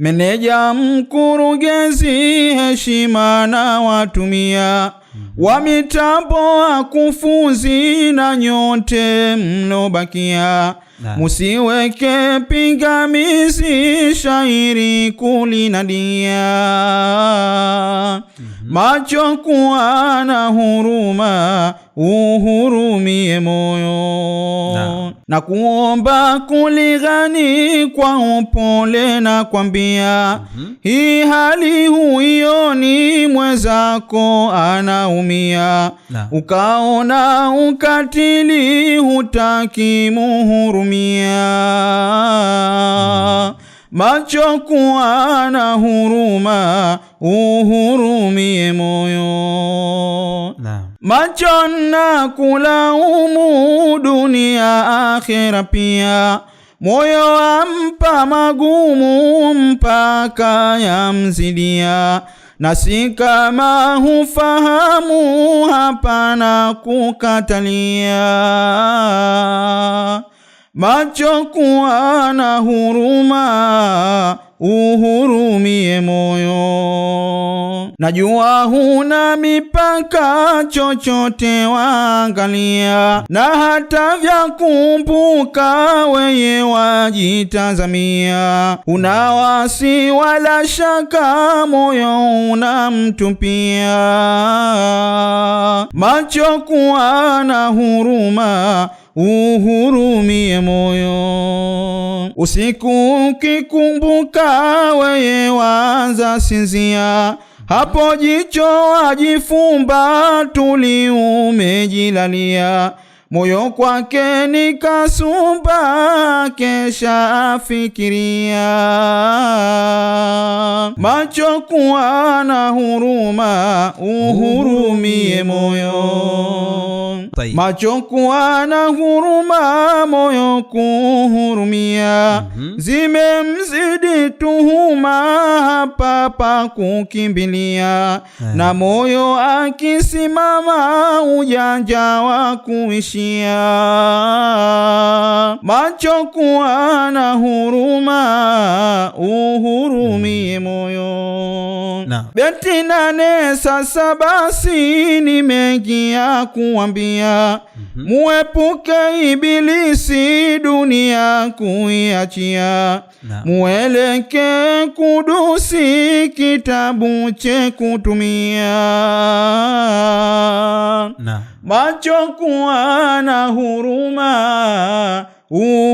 Meneja, mkurugenzi, heshima na watumia mm-hmm. wa mitambo, wakufunzi na nyote mnobakia musiweke pingamizi shairi kulinadia. Mm-hmm. Macho kuwa na huruma, uhurumie moyo na kuomba kulighani kwa upole na kwambia, mm-hmm. hii hali huioni mwenzako anaumia nah. Ukaona ukatili hutaki muhurumia mm. Macho kuwa na huruma uhurumie moyo machonna kulaumu dunia akhira pia moyo wampa magumu mpaka yamzidia, na si kama hufahamu hapana kukatalia. Macho kuwa na huruma, uhurumie moyo Najua huna mipaka, chochote waangalia, na hata vya kumbuka weye wajitazamia. Una wasi wala shaka, moyo mtupia, macho kuwa na huruma uhurumie moyo. Usiku ukikumbuka, weye wanza sinzia hapo jicho ajifumba, tuliumejilalia moyo kwake nikasumba, kesha afikiria. Macho kuwa na huruma, uhurumie moyo. Macho kuwa na huruma, moyo kuhurumia. Mhm. Zimemzidi tuhuma hapa pa kukimbilia, eh. na moyo akisimama ujanja wa kuishia macho kuwa na huruma, uhurumie hmm. moyo. Beti nane. Sasa basi ni mengi ya kuambia, mhm. muepuke ibilisi, dunia kuiachia, mueleke kudusi, kitabu che kutumia, macho kuwa na huruma un um,